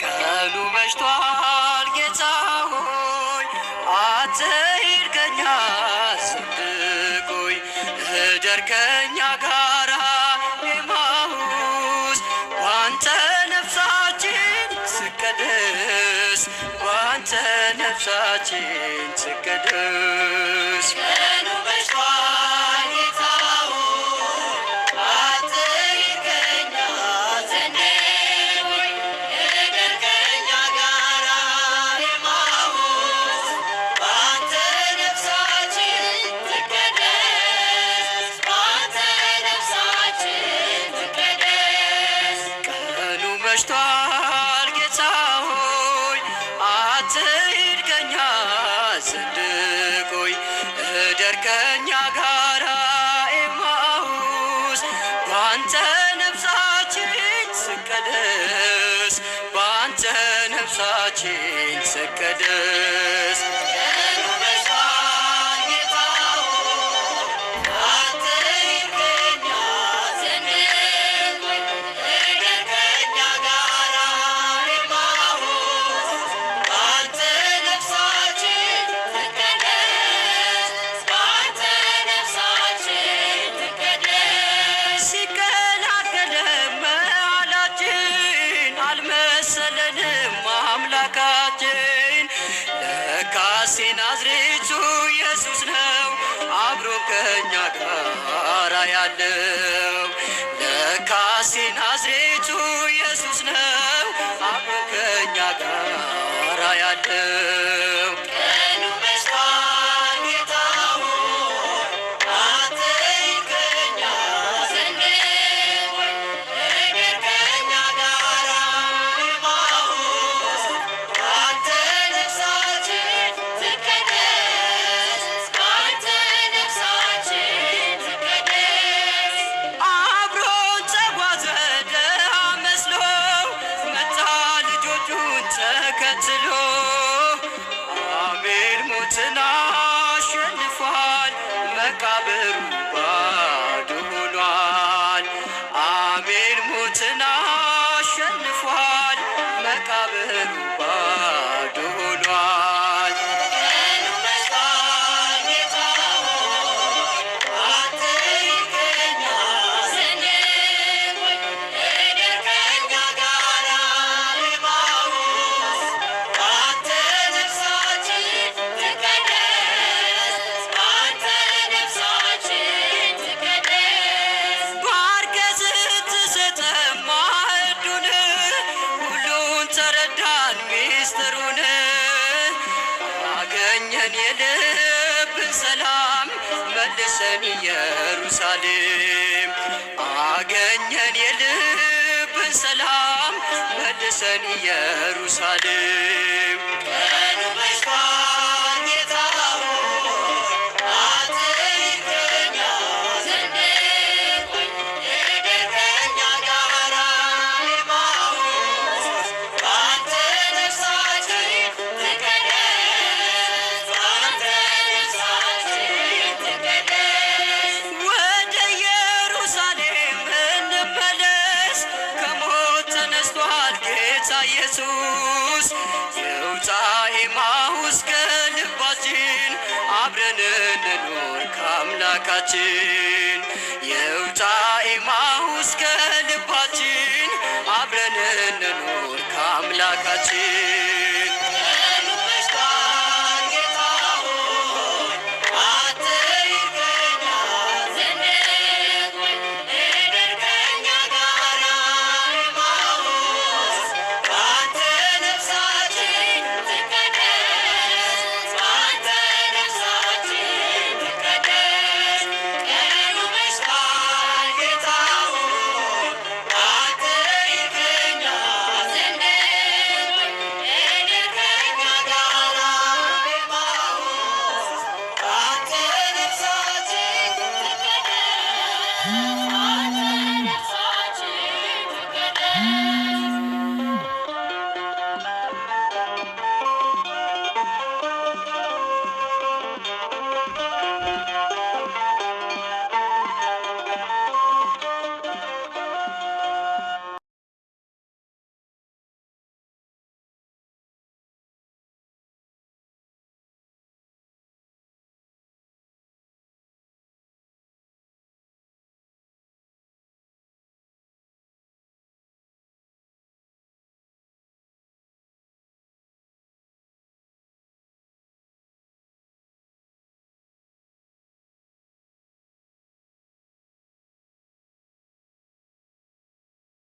ቀኑ መሽቷል፣ ጌታ ሆይ አትሂድ ከኛ አስንቆይ እደር ከኛ ጋር ኤማሁስ ባንተ ነፍሳችን ባንተ ነፍሳችን መሽቷል ጌታ ሆይ አትሂድ ከኛ እደር ከኛ ጋራ ኤማሁስ ባንተ ነፍሳችን ስቀደስ ባንተ ነፍሳችን ስቀደስ ያለው ለካሴና ያሰኛል የልብ ሰላም መልሰን ኢየሩሳሌም አገኘን የልብን ሰላም መልሰን ኢየሩሳሌም ኢየሱስ ይውጣ ኤማሁስ ከልባችን አብረን እንኑር ከአምላካችን ይውጣ ኤማሁስ ከልባችን አብረን እንኑር ከአምላካችን